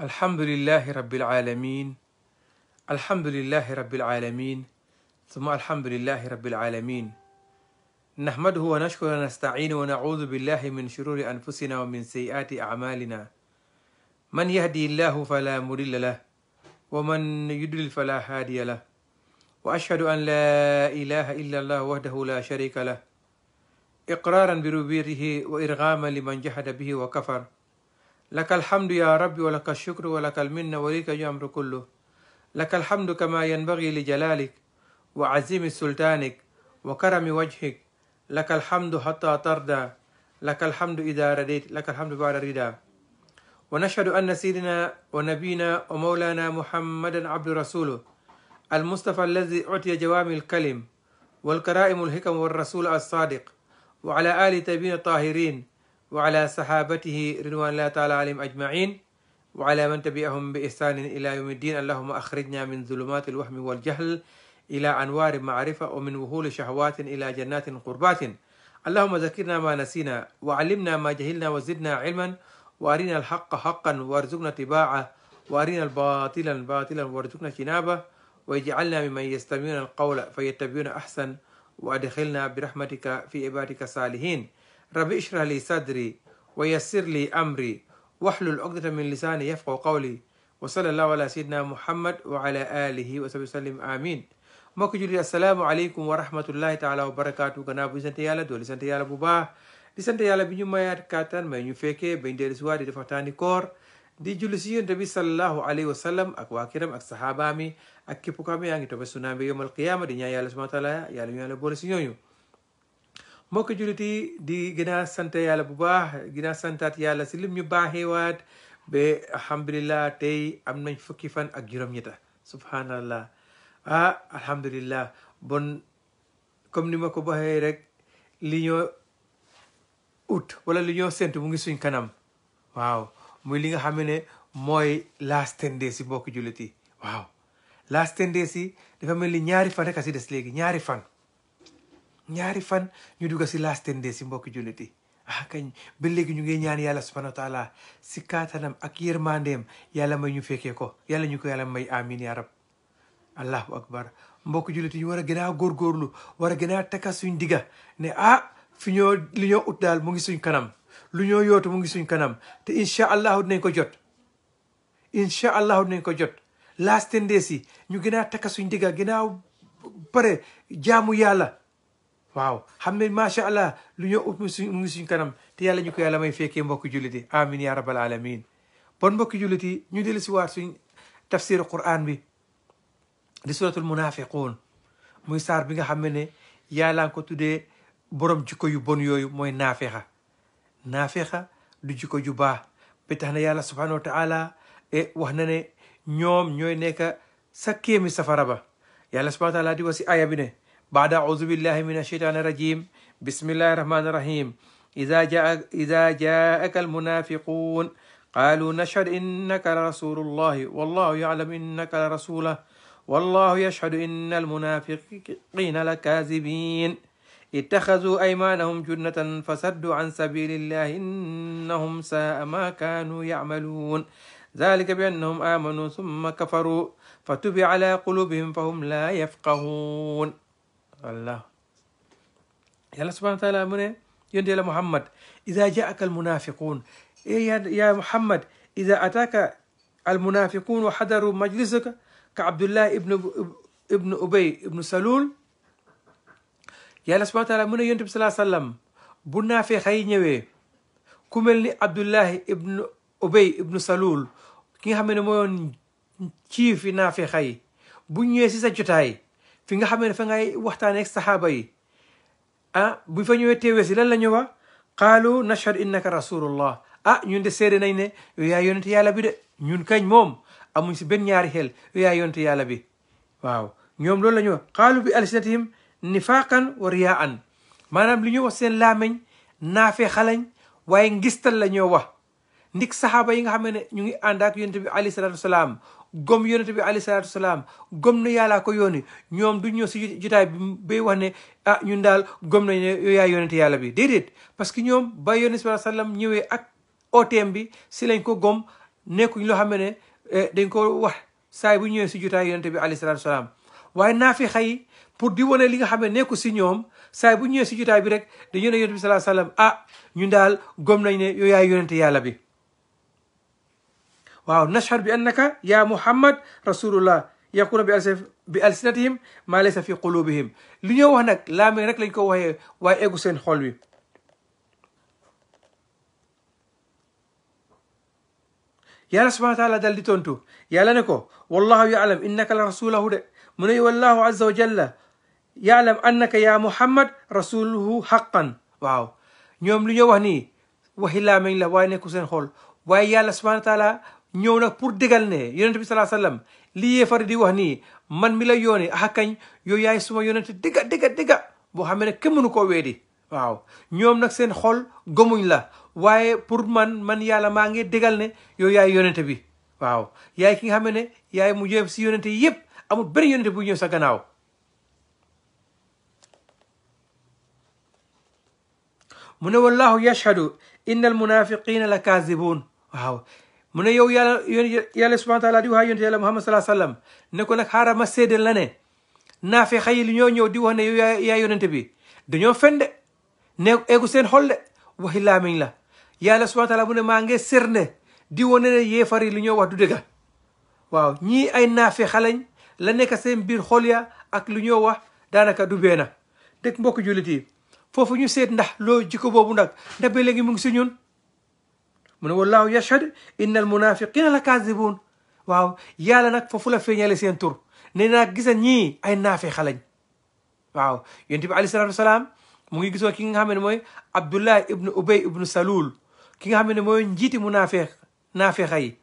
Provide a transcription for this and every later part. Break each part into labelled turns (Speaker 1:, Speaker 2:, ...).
Speaker 1: الحمد لله رب العالمين الحمد لله رب العالمين ثم الحمد لله رب العالمين نحمده ونشكر ونستعين ونعوذ بالله من شرور أنفسنا ومن سيئات أعمالنا من يهدي الله فلا مضل له ومن يضلل فلا هادي له وأشهد أن لا إله إلا الله وحده لا شريك له إقرارا بربوبيته وإرغاما لمن جحد به وكفر لك الحمد يا رب ولك الشكر ولك المنة وليك الأمر كله لك الحمد كما ينبغي لجلالك وعزيم سلطانك وكرم وجهك لك الحمد حتى ترضى لك الحمد إذا رديت لك الحمد بعد الرضا ونشهد أن سيدنا ونبينا ومولانا محمدا عبد رسوله المصطفى الذي أعطي جوامع الكلم والكرائم الحكم والرسول الصادق وعلى آل تبين الطاهرين وعلى صحابته رضوان الله تعالى عليهم أجمعين وعلى من تبعهم بإحسان إلى يوم الدين اللهم أخرجنا من ظلمات الوهم والجهل إلى أنوار المعرفة ومن وهول شهوات إلى جنات قربات اللهم ذكرنا ما نسينا وعلمنا ما جهلنا وزدنا علما وأرنا الحق حقا وارزقنا اتباعه وأرنا الباطلا باطلا وارزقنا اجتنابه واجعلنا ممن يستمعون القول فيتبعون أحسن وأدخلنا برحمتك في عبادك الصالحين رب اشرح لي صدري ويسر لي أمري واحلل عقدة من لساني يفقه قولي وصلى الله على سيدنا محمد وعلى آله وصحبه وسلم آمين mbokk jullit assalaamu aleykum wa rahmatullahi taala wa barakaatu gannaaw bu sant yàlla dooli sant yàlla bu baax di sant yàlla bi ñu mayaat kàttan may ñu fekkee bañ dellu si waat di def waxtaani koor di julli si yonent bi salallahu alayhi wa sallam ak waa kiram ak saxaabaami ak képp ko xam yaa ngi toppe sunnaam bi yowmal qiyaama di ñaan yàlla subhaana taala yàlla ñu yàlla boole si ñooñu mbokk jullit yi di gën a sant yàlla bu baax gën a santaat yàlla si lim ñu baaxeewaat ba alhamdulilah tey am nañ fukki fan ak juróom-ñetta subhanallah ah alhamdulilah bon comme ni ma ko waxee rek li ñoo ut wala li ñoo séntu mu ngi suñ kanam waaw muy li nga xam ne mooy last ten days si mbokk jullit yi waaw last ten days si dafa mel ni ñaari fan rek a si des léegi ñaari fan. ñaari fan ñu duga si last ten days si mbokki jullit yi ah kañ ba léegi ñu ngi ñaan yàlla subhanahu wa taala si kaatanam ak yërmandeem yàlla may ñu fekkee ko yàlla ñu ko yàlla may amin ya rab allahu akbar mbokki jullit yi ñu war a gën a góorgóorlu war a gën a takka suñ digga ne ah fi ñoo li ñoo ut mu ngi suñ kanam lu ñoo yootu mu ngi suñ kanam te incha allahu dinañ ko jot incha allahu dinañ ko jot last ten yi ñu gën a takka suñ digga gën a pare jaamu yàlla waaw xam ne macha allah lu ñoo upp suñ suñ kanam te yàlla ñu ko yàlla may fekkee mbokki jullit yi amin ya rabbal alamin mbokki jullit yi ñu dellu si waat suñ tafsir quran bi di suratul munafiqun muy saar bi nga xam ne yàlla ko tuddee borom jikko yu bon yooyu mooy naafexa naafexa du jikko ju baax ba na yàlla subhanahu wa taala e, wax na ne ñoom ñooy nekk sa kéemi safara ba yàlla subhanahu wa taala di wax si aya بعد أعوذ بالله من الشيطان الرجيم بسم الله الرحمن الرحيم إذا جاء إذا جاءك المنافقون قالوا نشهد إنك لرسول الله والله يعلم إنك لرسوله والله يشهد إن المنافقين لكاذبين اتخذوا أيمانهم جنة فسدوا عن سبيل الله إنهم ساء ما كانوا يعملون ذلك بأنهم آمنوا ثم كفروا فتبع على قلوبهم فهم لا يفقهون الله يلا سبحانه وتعالى من يندي محمد إذا جاءك المنافقون إيه يا, يا محمد إذا أتاك المنافقون وحضروا مجلسك كعبد الله ابن ابن أبي ابن سلول يا الله سبحانه وتعالى من يندي صلى الله عليه وسلم بنا في خيني كملني عبد الله ابن أبي ابن سلول كي خامن مون تشيفي نافخاي بو نيي سي سا جوتاي fi nga xamee fa ngay waxtane ak sahaba yi ah bu fa ñëwee téwé ci lan la ñu qalu nashhad innaka rasulullah ah ñun de seede nañ ne ya yaa yonent yàlla bi de ñun kañ mom amuñ ci ben ñaari xel ya yaa yonent yàlla bi waaw ñom loolu la ñu wax bi alsinatihim nifaqan wa riyaan manam li ñu wax seen lamagne naafee xalañ waye ngistal la wax ndik sahaba yi nga xamne ñu ngi ànd yonent bi alayhi salatu gom yonent bi alayhi salaam gom na yàllaa ko yónni ñoom du ñëw si jotaay bi bay wax ne ah ñun daal gom nañ ne yow yàlla bi déedéet parce que ñoom ba yonent sallam ñëwee ak OTM bi si lañ ko gom nekkuñ loo xam ne eh, dañ ko wax saay bu ñëwee si jotaay yonent bi alayhi salaatu salaam waaye naafixa yi pour di wane li nga xam nekku si ñoom saay bu ñëwee si jotaay bi rek dañu ne yonent bi salaa sallam ah ñun daal gom nañ ne yow yaa yonent yàlla bi واو نشعر بانك يا محمد رسول الله يقول بألسف بألسنتهم ما ليس في قلوبهم لي وهناك لا من رك لنكو وهي وإيقو سين خلوي يا الله سبحانه وتعالى دل تونتو يا لنكو والله يعلم إنك لرسوله من والله عز وجل يعلم أنك يا محمد رسوله حقا واو نيوم لي وهني وهي لا من لا وينكو سين خل يا الله سبحانه وتعالى ñëw nag pour digal ne yonent bi salaa sallam li yéefar di wax nii man mi la yoone axa kañ yow yaay suma yonent digga digga digga boo xam ne kenn mënu koo weedi waaw ñoom nag seen xool gomuñ la waaye pour man man yàlla maa ngi digal ne yow yaay yonent bi waaw yaay ki nga xam ne yaay mu jëm si yonent yi yëpp amul benn yonent bu ñëw sa gannaaw mu ne wallahu yashhadu inna almunafiqina la kaazibun waaw mu ne yow yàlla yon yàlla subhana taala di wax yonte yàlla muhammad salaa sallam ne ko nag xaaral ma séedal la naafe xayi li ñoo ñëw di wax ne yow yaa yonente bi dañoo fen de ne eegu seen xol de waxi laamiñ la yàlla subhana taala mu ne maa ngi serne di wane ne yéefar yi li ñoo wax du dëgga waaw ñii ay naafe xalañ la nekk seen biir xol ya ak lu ñoo wax daanaka du beena dëkk mbokk jullit foofu ñu seet ndax loo jikko boobu nag ndax ba léegi mu ngi si ñun من والله يشهد ان المنافقين لكاذبون واو يا لنك ففلا فين يا لسين تور نينا غيسا ني اي نافي خلاج واو ينتب علي الصلاه والسلام موغي غيسو كي خا من موي عبد الله ابن ابي ابن سلول كي خا من موي نجيتي منافق نافي خاي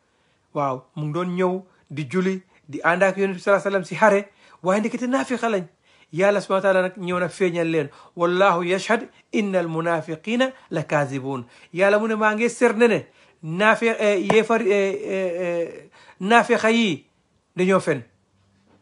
Speaker 1: واو مو نيو دي جولي دي اندك يونس عليه وسلم سي هاري واي نديكتي نافي خلاج yàlla subhana taala nag ñëw na feeñal leen wallahu yashhad inna al munafiqina la kaazibun yàlla mu ne maa ngi serne ne naafi eh, yéefar eh, eh, yi dañoo fen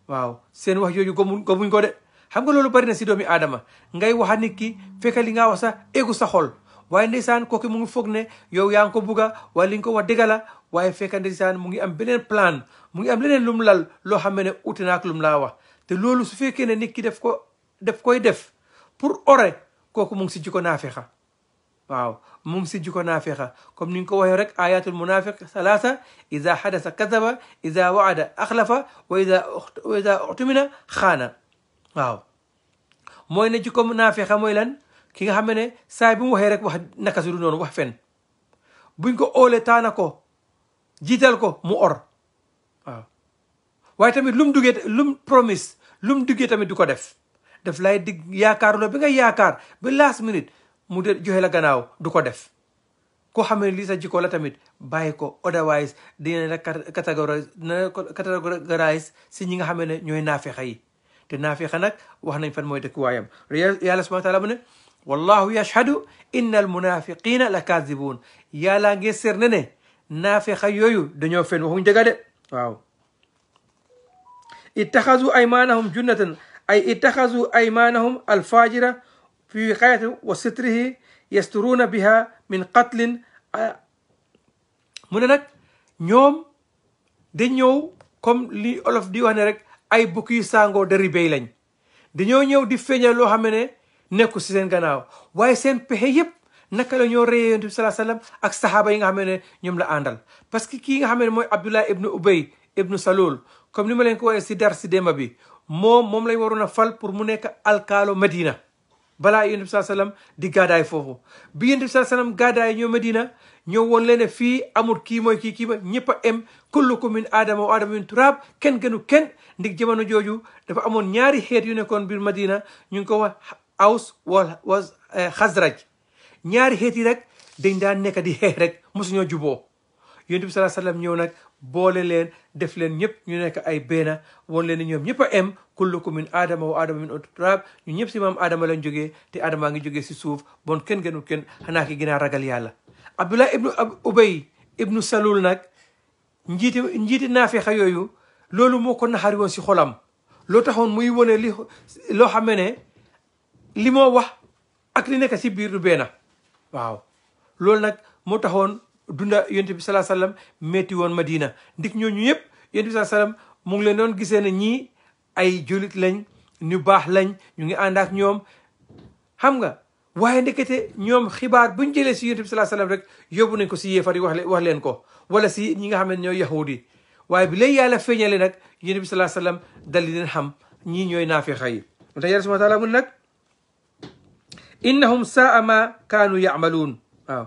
Speaker 1: waaw seen wax jooju gomuñ gomuñ ko de xam nga loolu bari na si doomi aadama ngay waxa nit ki fekk li nga wax sax egu sa xol waaye ndeysaan kooku mu ngi foog ne yow yaa ngi ko bugga waaye li nga ko wax dëgg la waaye fekk ndeysaan mu ngi am beneen plan mu ngi am leneen lum lal loo xam ne ute naak lum laa wax te loolu su fekke ne nit ki def ko def koy def pour ore koku mo ngi ci jiko nafiha waaw mo ngi ci jiko nafiha comme ni nga ko waxee rek ayatul munafiq salaasa ida xadasa kadhaba ida waada akhlafa wa ida wa ida utmina khana waaw moy ne jiko nafiha moy lan ki nga xam say bu bi mu waxee rek wax nakasu non wax fen buñ ko olé tanako jital ko mu or waaw waye tamit lum dugee lum promise lu mu diggee tamit du ko def def lay dig yaakaar yaakaaruloo bi ngay yaakaar ba last minute mu de joxe la gannaaw du ko def koo xam ne lii sa jikko la tamit bàyyi ko otherwise dina la catégorise dina catégorise si ñi nga xam ne ñooy naafeexa yi te naafeexa nag wax nañ fan mooy dëkkuwaayam yàlla subhana taala mu ne wallahu yashhadu inna al munafiqina la kaadibuun yàllaa nge sér ne ne naafeexa yooyu dañoo fen waxuñ dëgg de ittaxasu aymaanahum junnatan ay ittaxasu aymaanahum alfajira fi wiqayati wa sitrihi yasturuuna biha min qatlin mu ne nag ñoom dañ ñëw comme li olof di wax rek ay bukki yu sàngoo dari béy lañ dañoo ñëw di feeñal loo xam ne nekku si seen gannaaw waaye seen pexe yépp naka la ñoo reyee yonent bi salaa sallam ak saxaaba yi nga xam ne ñoom la àndal parce que kii nga xam ne mooy abdullah ibnu ubay ibnu salul comme ni ma leen ko waxee si dar si démba bi moom moom lay waroon a fal pour mu nekk alkaalo Medina balaa yonent bi sallam di gàddaay foofu bi yonent bi sallam gàddaay ñoo madina ñoo woon leen fii amul kii mooy kii kii ma ñëpp a em kullukum min aadama wa aadama min turaab kenn gënu ken ndig jamono jooju dafa amoon ñaari xeet yu nekkoon biir Medina ñu ngi ko wax Aws wa wa eh, Xasraj ñaari xeet yi rek dañ daan nekk di xeex rek mosuñoo juboo yonent bi sallam ñëw nag boole leen def leen ñëpp ñu nekk ay beena woon leen ni ñoom ñëpp a em kullukum min aadama wa aadama min uturab ñu ñëpp si maam aadama lañ jógee te aadamaa ngi jógee si suuf bon kenn gënul kenn xanaa ki gën ragal yàlla abdullah ibnu ubay ibnu salul nag njiiti njiiti naafeexa yooyu loolu moo na naxari woon si xolam loo taxoon muy wone li loo xamee ne li moo wax ak li nekk si biir du beena waaw loolu nag moo taxoon dunda yonent bi salaa sallam metti woon Madina ndik ñooñu yëpp yonent bi salaa sallam mu ngi leen noon gisee ne ñii ay jullit lañ ñu baax lañ ñu ngi ànd ak ñoom xam nga waaye ndekete ñoom xibaar buñ jëlee si yonent bi salaa sallam rek yóbbu nañ ko si yéefar yi wax wax leen ko wala si ñi nga xam ne ñooy yahud yi waaye bi lay yàlla feeñale nag yonent bi salaa sallam dal leen xam ñii ñooy naafiqa yi moo tax yàlla subhaana taala mun nag innahum saa ma kaanu yaamaluun waaw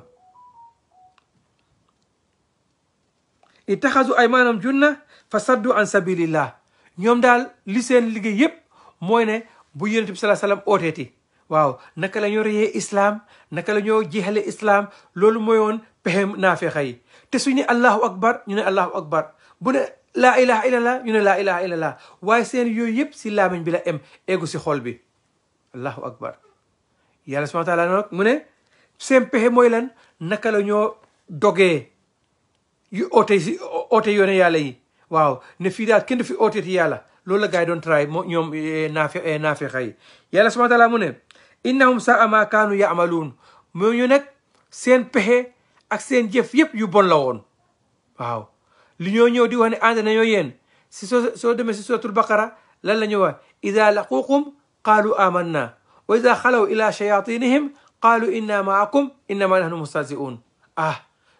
Speaker 1: itaxasu ay maanaam junna fa saddu an sabilillah ñoom daal li seen liggéey yépp mooy ne bu yonent bi sallallahu alayhi waaw naka la ñoo reyee islaam naka la ñoo jeexale islaam loolu mooy woon pexe naafeexa yi te su ñu ne allahu akbar ñu ne allahu akbar bu ne la ilaha illallah ñu ne laa ilaha illallah waaye seen yooyu yëpp si laamiñ bi la em eggu si xol bi allahu akbar yàlla subhana taala nag mu ne seen pexe mooy lan naka la ñoo dogee yu oote si oote yàlla yi waaw ne fii daal kenn fi ooteeti yàlla loolu la gars yi doon tray moo ñoom eh, naafe eh, naafexa yi yàlla subhana taala mu ne innahum saa ma kaanu yaamaluun moo ñu nekk seen pexe ak seen jëf yëpp yu bon la woon waaw li ñoo ñëw di wax ne ànd nañoo yéen si so soo demee si suratul baqara lan la ñu wax ida laquukum qaalu amanna wa ida xalaw ila shayatinihim qaalu inna maakum innama nahnu mustahzi'un ah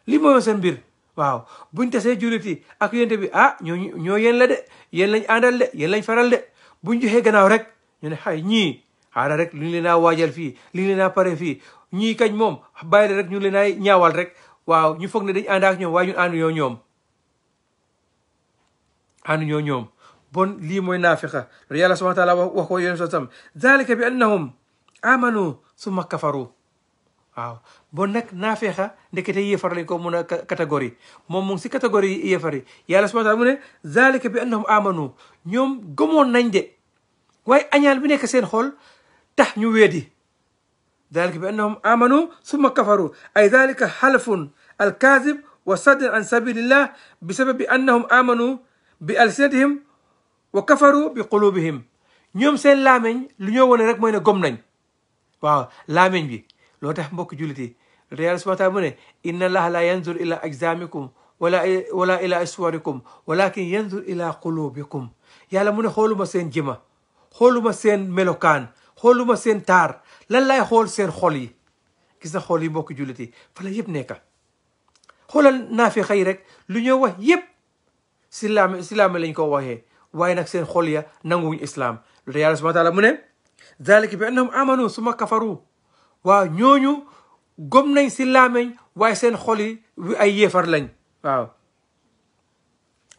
Speaker 1: li mooy seen mbir waaw buñ tasee jullit yi ak yénte bi ah ñoo ñoo yéen la de yéen lañ àndal de yéen lañ faral de buñ joxee gannaaw rek ñu ne xay ñii xaaral rek li ñu leen naa waajal fii li ñu leen naa pare fii ñii kañ moom bàyyi la rek ñu leen naa ñaawal rek waaw ñu foog ne dañ ànd ak ñoom waaye ñun ànduñoo ñoom ànduñoo ñoom bon lii mooy naa naafiqa yàlla subhana taala wax wax ko yéen so tam zalika bi annahum amanu summa kafaru waaw bon nag naafeexa ndekete yéefar lañ ko mun a catégorie moom mu ngi si catégorie yi yéefar yi yàlla subhana taala mu ne zalika bi annahum amanu ñoom gëmoon nañ de waaye añaan bi nekk seen xol tax ñu weedi ذلك بأنهم آمنوا ثم كفروا أي ذلك حلف الكاذب وصد عن سبيل الله بسبب أنهم آمنوا بألسنتهم وكفروا بقلوبهم ñoom seen laameñ lu ñoo wone rek mooy ne gom nañ waaw laameñ bi لوتح مبوك جولتي ريال سبحانه وتعالى إن الله لا ينظر إلى أجزامكم ولا ولا إلى أسواركم ولكن ينظر إلى قلوبكم يا لمن خولو مسين جما خولو مسين ملوكان خولو مسين تار لن لا يخول سين خولي كيسا خولي مبوك جولتي فلا يب نيكا خولا نافي خيرك لنيوه يب سلام سلام لنك وهي وينك سين خوليا نغوي إسلام ريال سبحانه وتعالى ذلك بأنهم آمنوا ثم كفروا waaw ñooñu gom nañ si laameñ waaye seen xol yi ay yeefar lañ waaw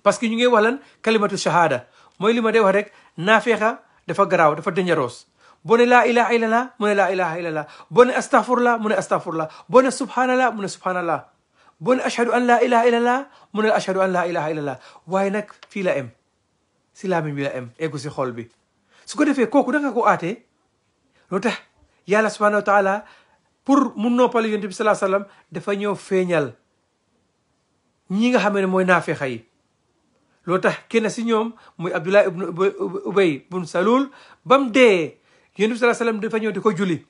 Speaker 1: parce que ñu ngi wax lan kalimatu shahada mooy li ma dee wax rek naafeexa dafa garaaw dafa dangereux boo ne laa ilaha illallah mu ne laa ilaha illallah boo ne astaghfirullah mu ne astaghfirullah boo ne subhanallah mu ne subhanallah boo ne ashhadu an laa ilaha illallah mu ne ashhadu an laa ilaha illallah waaye nag fii la em si laameñ bi la em eggu si xol bi su ko defee kooku da nga ko aatee yàlla subhanahu wa pour mu noppal yonent bi salaa sallam dafa ñëw feeñal ñi nga xam ne mooy naafeexa yi loo tax kenn si ñoom muy abdullah ibnu ubay bun salul ba mu dee yonent bi salaa sallam dafa ñëw di ko julli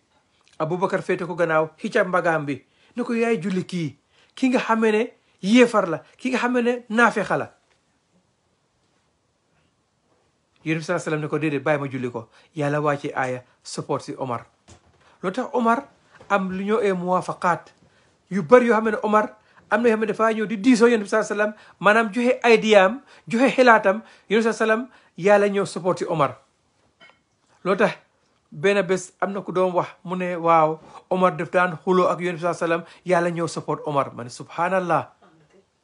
Speaker 1: aboubacar féete ko gannaaw xicca mbagaam bi ne ko yaay juli kii ki nga xam ne yéefar la ki nga xam ne naafeexa la bi salaa sallam ne ko déedéet bàyyi ma julli ko yàlla wàcce aaya support si omar loo tax Omar am lu ñoo ee muwafaqaat yu bëri yoo xam ne Omar am na yoo xam ne dafaa ñëw di diisoo yonent bi saa sallam maanaam joxe aydiyaam joxe xilaatam yonent bi saa sallam yàlla ñëw supporté Omar loo tax benn bés am na ku doom wax mu ne waaw Omar daf daan xuloo ak yonent bi saa sallam yàlla ñëw support Omar ma ne subhanallah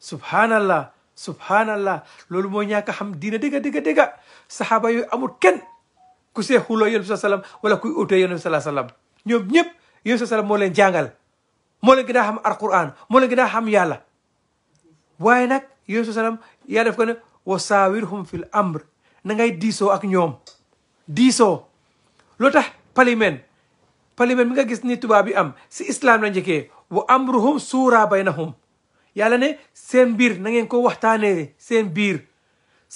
Speaker 1: subhanallah subhanallah loolu mooy ñàkk xam diina dëgga dëgga dëgga saxaaba yooyu amul kenn ku see xuloo yonent bi saa sallam wala kuy utee yonent bi saa ñoom ñëpp yéen salaam moo leen jàngal moo leen gën a xam alquran moo leen gën xam yàlla waaye nag yéen salaam yaa def ko ne wa saawirhum fil amr na ngay diisoo ak ñoom diisoo loo tax parlement parlement mi nga gis ni tubaab bi am si islaam islam la njëkkee wa amruhum suura baynahum yàlla ne seen biir na ngeen ko waxtaanee seen biir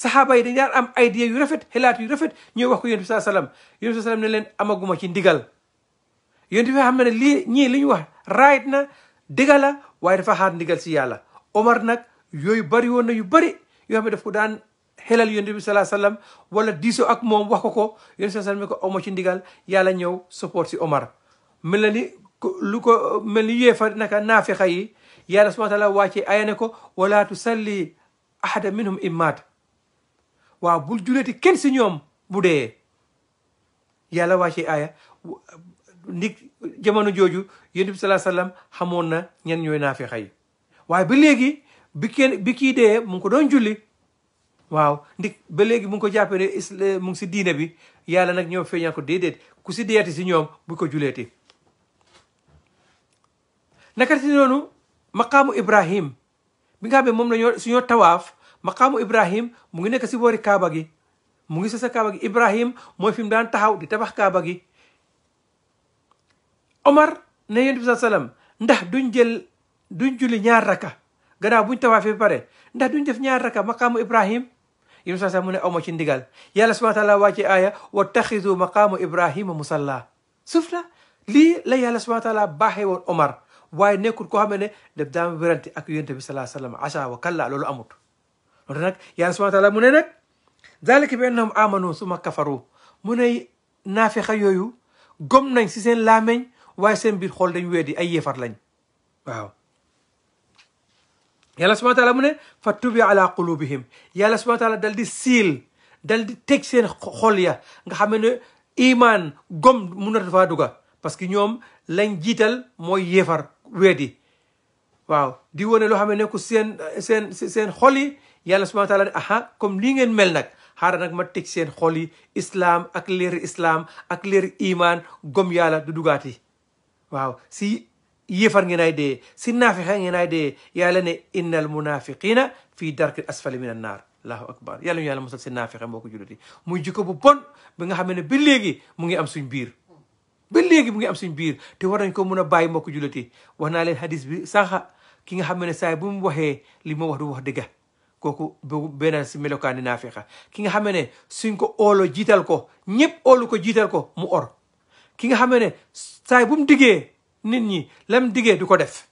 Speaker 1: saxaaba yi dañ daan am ay idée yu rafet xalaat yu rafet ñooy wax ko yonent bi sallam yonent bi sallam ne leen amaguma ci ndigal yonent bi xam ne lii ñii li ñu wax right na dëgga la waaye dafa xaar si yàlla Omar nag yooyu bari woon na yu bari yoo xam ne ko daan xelal yonent bi salaa sallam wala diisoo ak moom wax ko ko yonent bi sallam ko yàlla ñëw support si Omar mel na ni lu ko mel ni yéefar naka naafiqa yi yàlla subhaana taala wàccee aya ne ko wala tusalli ahada minhum immaat waaw bul juleeti kenn si ñoom bu dee yàlla wàccee aya nit jamono joju yonent bi salaa sallam xamoon na ñen ñooy naafixa waye ba legi bi kenn bi kii dee mu ko don julli waw nit ba legi mu ko jappé ne eh, mu ci si bi yalla nak ñoo feeñal ko ku si deeti ci ñoom bu ko juleeti si nonu, ibrahim bi nga be mom la ñoo ibrahim mu ngi nek ci bori kaaba gi mu ngi sa kaaba gi ibrahim moy fim daan taxaw di tabax kaaba gi omar ne yonent bi sallallahu alayhi wasallam ndax duñ jël duñ julli ñaar raka gannaaw buñ tawaafee ba pare ndax duñ def ñaar raka maqaamu ibrahim yonent bi sallallahu alayhi wasallam mu ne awma ci ndigal yàlla subhanahu wa taala wàcce aaya wa taxidu maqaamu ibrahima musalla suuf la lii la yàlla subhanahu wa taala baaxee woon omar waaye nekkul koo xam ne daf daama wérante ak yonent bi sallallahu alayhi wasallam asa wa kalla loolu amut loolu nag yàlla subhanahu wa taala mu ne nag dalika bi annahum amanu suma kafaru mu ne naafixa yooyu gom nañ si seen laameñ waaye seen biir xool dañu weddi ay yéefar lañ waaw yàlla subhana taala mu ne fa tubi ala qulubihim yàlla subhana taala dal di siil dal di teg seen xol ya nga xam ne iman gom mun na faa duga parce que ñoom lañ jiital mooy yéefar weddi waaw di wone loo xam ne ku seen seen seen xol yi yàlla subhana taala ne aha comme lii ngeen mel nag xaaral nag ma teg seen xol yi islaam ak leer islaam ak leer iman gom yàlla du dugaati waaw si yéefar ngeen ay dee si naafixa ngeen ay de yàlla ne inna al munafiqina fii darki asfali min an naar allahu akbar yàlla ñu yàlla mosal si naafixa mboo ko julliti muy jikko bu bon bi nga xam ne ba léegi mu ngi am suñ biir ba léegi mu ngi am suñ biir te war nañ ko mun a bàyyi mbokk julliti war naa leen hadis bi sànqa ki nga xam ne saay bu mu waxee li ma wax du wax dëgga kooku bu benn si melokaani naafixa ki nga xam ne suñ ko oolo jiital ko ñëpp oolu ko jiital ko mu or ki nga xamné say bu mu diggé nit ñi lam diggé du ko def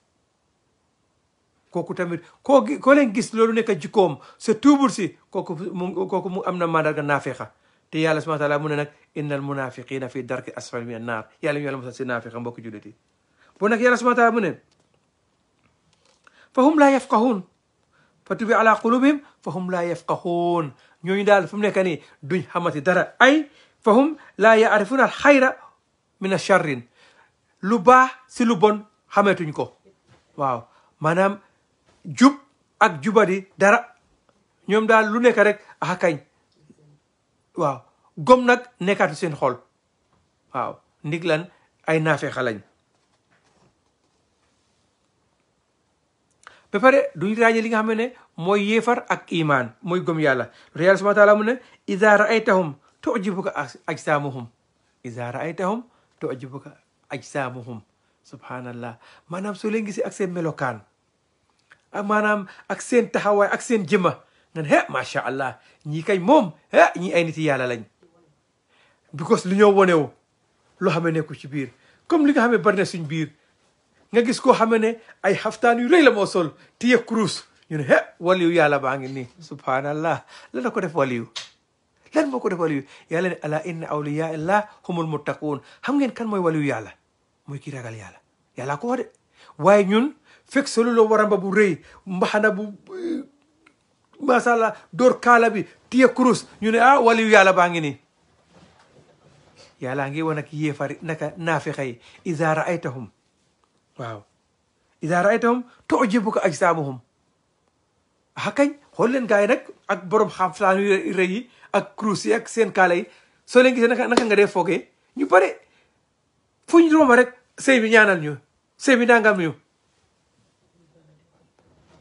Speaker 1: koku tamit ko ko len gis lolu nek jikkoom sa tuubul si kooku koku kooku mu amna mandar ga naafeexa te yàlla subhanahu wa taala mu ne nag innal munafiqina fi dark asfal min nar yàlla yàlla mu sa naafeexa mbokk jullit yi bon nag yàlla wa taala mu ne fa hum laa yafqahuun fa tubi ala qulubihim fa hum laa yafqahuun ñooñu daal fu mu duñ xamati dara ay fa hum laa yaarifuuna al xayra mina charrin lu baax si lu bon xametuñ ko waaw maanaam jub ak jubadi dara ñoom daal lu nekk rek ah kañ waaw gom nag nekkaatu seen xol waaw ndig lan ay naafeexa lañ ba pare duñ ràññee li nga xam ne mooy yéefar ak imaan mooy gom yàlla loolu yàlla subhana mu ne ay ida raaytahum tujibuka ajsaamuhum ay raaytahum tujibuka ajsaamuhum subhanallah maanaam soo leen gisee ak seen melokaan maanaam ak seen taxawaay ak seen jëma nga macha allah ñii kay moom he ñii ay nit yàlla lañ because lu ñoo wonewu loo xam ne ci biir comme li nga xam ne bari na suñ biir nga gis koo xam ne ay xaftaan yu rëy la moo sol téye kurus ñu ne waliyu yàlla baa ngi nii subhanallah la la ko def waliyu lan moo ko def waliyu yàlla ne ala inna awliya illah humul muttaquun xam ngeen kan mooy waliyu yàlla mooy kii ragal yàlla yàllaa ko de waaye ñun fekk soluloo waramba bu rëy mbaxana bu masala door kaala bi tiye kurus ñu ne ah waliyu yàlla baa ngi nii yàllaa ngi woon ak yéefari naka naafixa yi ida raaytahum waaw ida raaytahum tujibuka ajsaamuhum ah kañ xool leen gaa yi nag ak borom xam flaan yu rëy yi ak kurus yi ak seen kaala yi soo leen gisee naka nga dee foogee ñu bare fu ñu romb rek sëy bi ñaanal ñu sëy bi nangam ñu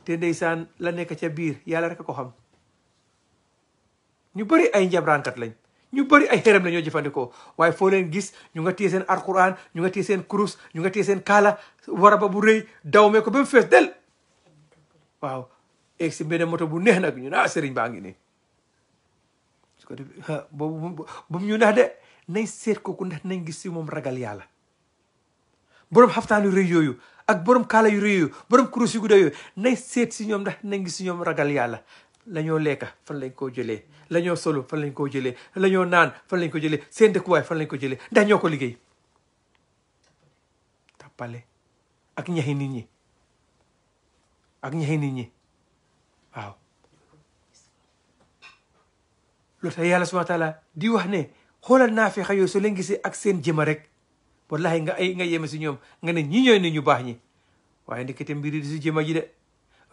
Speaker 1: te ndeysaan la nekk ca biir yàlla rek ko xam ñu bëri ay njabraankat lañ ñu bëri ay xerem la ñoo jëfandikoo waaye foo leen gis ñu nga téye seen alquran ñu nga téye seen kurus ñu nga téye seen kaala ba bu rëy dawmee ko ba mu fees del waaw egg si moto bu neex nag ñu naa ah, sëriñ baa ngi nii ko def boobu bu ñu nax de seet kooku ndax nañ gis si moom ragal yàlla borom xaftaan yu rëy yooyu ak borom kaala yu rëy yooyu borom kurus yu gudda yooyu seet si ñoom ndax nañ gis si ñoom ragal yàlla la ñoo lekka fan lañ koo jëlee la ñoo solo fan lañ koo jëlee la ñoo naan fan lañ ko jëlee seen dëkkuwaay fan lañ ko jëlee ndax ñoo ko liggéey tappale ak ñaxi nit ñi ak ñaxi nit ñi lu ta ya yàlla subhanahu wa taala di wax ne xoolal naafeexa yooyu so leen gisee ak seen jema rek wallahi nga ay nga yeme ci ñom nga ne ñi ñoy ni ñu bax ñi waaye ndekete mbiri di si jëma ji de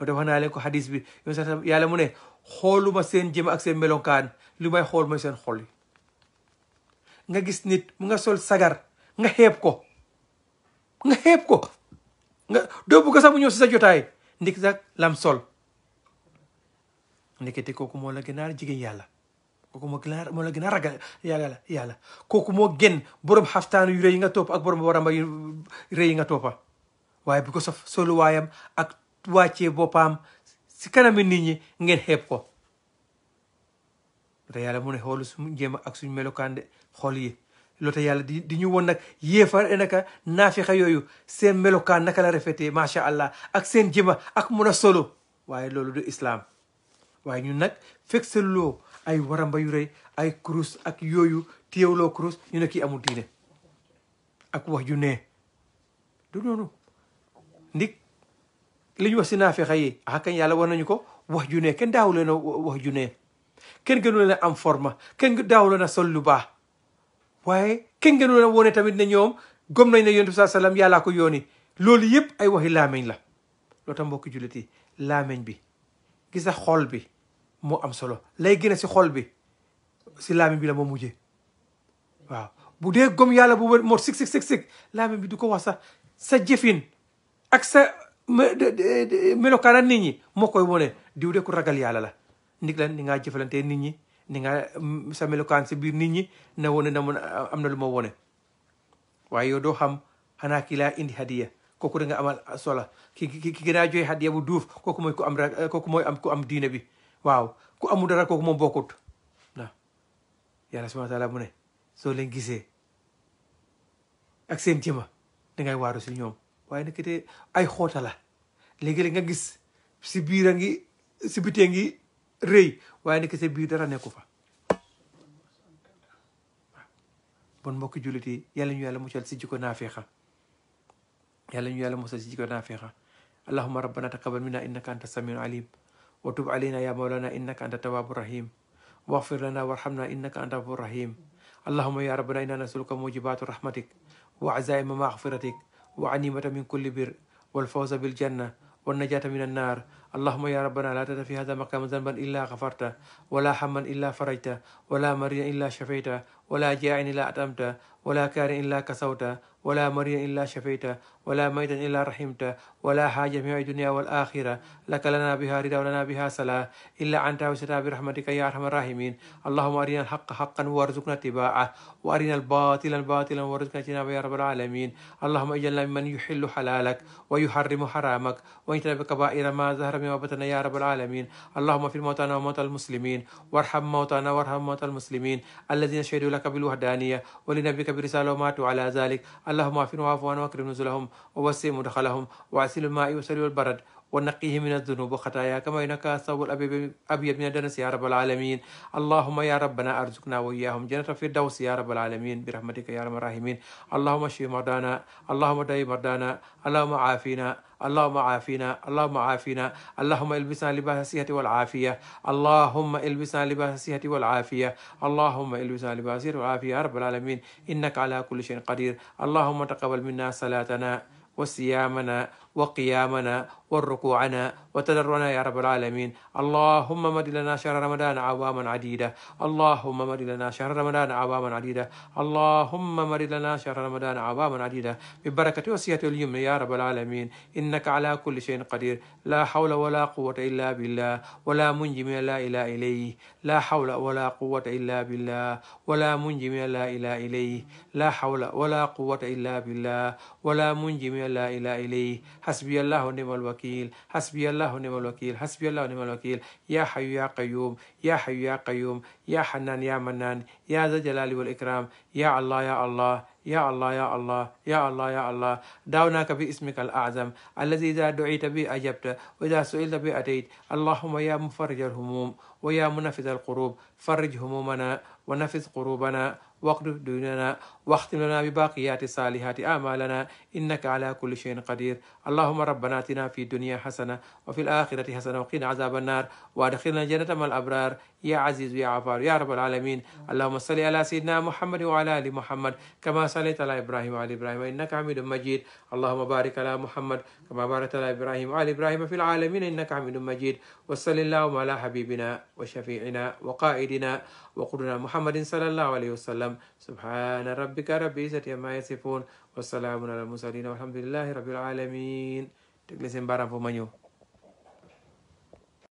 Speaker 1: te wax naa le ko hadis bi yoon sa yàlla mu ne xoluma seen jema ak seen melonkaan lu may xool seen xol nga gis nit mu nga sol sagar nga xeeb ko nga xeeb ko nga bu ko sa mu ñoo ci sa jotaay ndik sak lam sol ndekete koku mo la gënal jigeen yalla kooku moo gën a moo la gën a ragal yàlla yàlla kooku moo gën borom xaftaan yu rëy yi nga topp ak borom waramba yu rëy yi nga toppa waaye bi ko sof soluwaayam ak wàccee boppam si kanami nit ñi ngeen xeeb ko te yàlla ne xoolu suñu jéem ak suñu melokaan xool yi loolu yàlla di di ñu woon nag yéefar naka naafixa yooyu seen melokaan naka la rafetee macha allah ak seen jëma ak mun a solo waaye loolu du islaam waaye ñun nag fekk sa ay wara yu rëy ay kurus ak yooyu téyewloo kurus ñu ne kii amul diine ak wax ju nee du noonu ndik li ñu wax si naafeexa yi ah kañ yàlla war nañu ko wax ju nee kenn daawu leen a wax ju nee kenn gënu am forme kenn daawu leen a sol lu baax waaye kenn gënu leen a wone tamit ne ñoom gom nañ ne yonent bi saa yàllaa ko yooni loolu yëpp ay waxi laameñ la loo tax mbokki jullit yi laameñ bi gisa xool bi moo am solo lay gën si xol bi si laamin bi la moo mujje waaw bu dee gom yàlla bu wér moo sig sig sig sig laamin bi du ko wax sax sa jëfin ak sa melokaana nit ñi moo koy wone diw de ku ragal yàlla la ndig lan ni ngaa jëfalante nit ñi ni nga mm, sa melokaan si biir nit ñi na wone na am na lu ma wone doo xam xanaa kii laa indi hadiya kooku da nga amal sola ki ki ki gën a joxe hadiya bu duuf kooku mooy ku am kooku mooy am ku am diine bi waaw ku amu dara kooku moom bokkut waaw nah. yàlla ya subhana taala mu ne soo leen gisee ak seen jëma waru waaru si ñoom waaye nekkite ay xoota la léegi-léeg nga gis si biir a ngi si bitee ngi rëy waaye nekkite biir dara nekku fa bon mbokki juliti yi yàlla ñu yàlla musal si jikko naafeexa yàlla ñu yàlla musal si jikko naafeexa allahumma rabbana taqabbal minna innaka anta samiul alim وتب علينا يا مولانا إنك أنت التواب الرحيم واغفر لنا وارحمنا إنك أنت الغفور الرحيم اللهم يا ربنا إنا نسألك موجبات رحمتك وعزائم مغفرتك وعنيمة من كل بر والفوز بالجنة والنجاة من النار اللهم يا ربنا لا تدع في هذا المكان ذنبا إلا غفرته ولا هما إلا فرجته ولا مريا إلا شفيته ولا جائع إلا أتمته ولا كار إلا كسوته ولا مريا إلا شفيته ولا ميتا إلا رحمته ولا حاجة في الدنيا والآخرة لك لنا بها رضا ولنا بها صلاة إلا أنت وسنا برحمتك يا أرحم الراحمين اللهم أرنا الحق حقا وارزقنا اتباعه وأرنا الباطل باطلا وارزقنا اجتنابه يا رب العالمين اللهم اجعلنا ممن يحل حلالك ويحرم حرامك واجتنب كبائر ما ظهر من وبطن يا رب العالمين اللهم في موتانا وموتى المسلمين وارحم موتنا وارحم موتى المسلمين الذين شهدوا لك بالوحدانية ولنبيك برسالة وماتوا على ذلك اللهم اغفر وعفو واكرم نزلهم ووسي مدخلهم وعسل الماء وسلو البرد ونقيه من الذنوب وخطايا كما ينكى الثوب الابيض من الدنس يا رب العالمين اللهم يا ربنا ارزقنا واياهم جنة الفردوس يا رب العالمين برحمتك يا ارحم الراحمين اللهم اشف مرضانا اللهم دعي مرضانا اللهم عافينا اللهم عافنا اللهم عافنا اللهم البسنا لباس الصحة والعافية اللهم البسنا لباس الصحة والعافية اللهم البسنا لباس الصحة والعافية رب العالمين إنك على كل شيء قدير اللهم تقبل منا صلاتنا وصيامنا وقيامنا والركوعنا وتضرعنا يا رب العالمين اللهم مد لنا شهر رمضان عواما عديدة اللهم مد لنا شهر رمضان عواما عديدة اللهم مد لنا شهر رمضان عواما عديدة ببركة وصية اليمن يا رب العالمين إنك على كل شيء قدير لا حول ولا قوة إلا بالله ولا منجي من لا إله إليه لا حول ولا قوة إلا بالله ولا منجي من لا إله إليه لا حول ولا قوة إلا بالله ولا منجي من لا إله إليه حسبي الله ونعم الوكيل حسبي الله ونعم الوكيل حسبي الله ونعم الوكيل يا حي يا قيوم يا حي يا قيوم يا حنان يا منان يا ذا الجلال والإكرام يا الله يا الله يا الله يا الله يا الله يا الله دعوناك باسمك الأعظم الذي إذا دعيت به أجبت وإذا سئلت به أتيت اللهم يا مفرج الهموم ويا منفذ القروب فرج همومنا ونفذ قروبنا واقض ديوننا واختم لنا بباقيات صالحات أعمالنا إنك على كل شيء قدير اللهم ربنا آتنا في الدنيا حسنة وفي الآخرة حسنة وقنا عذاب النار وأدخلنا جنة مع الأبرار يا عزيز يا عبار يا رب العالمين اللهم صل على سيدنا محمد وعلى ال محمد كما صليت على ابراهيم وعلى ابراهيم انك حميد مجيد اللهم بارك على محمد كما باركت على ابراهيم وعلى ابراهيم في العالمين انك حميد مجيد وصل اللهم على حبيبنا وشفيعنا وقائدنا وقدنا محمد صلى الله عليه وسلم سبحان ربك رب العزه عما يصفون والسلام على المرسلين والحمد لله رب العالمين تجلسين بارا فمانيو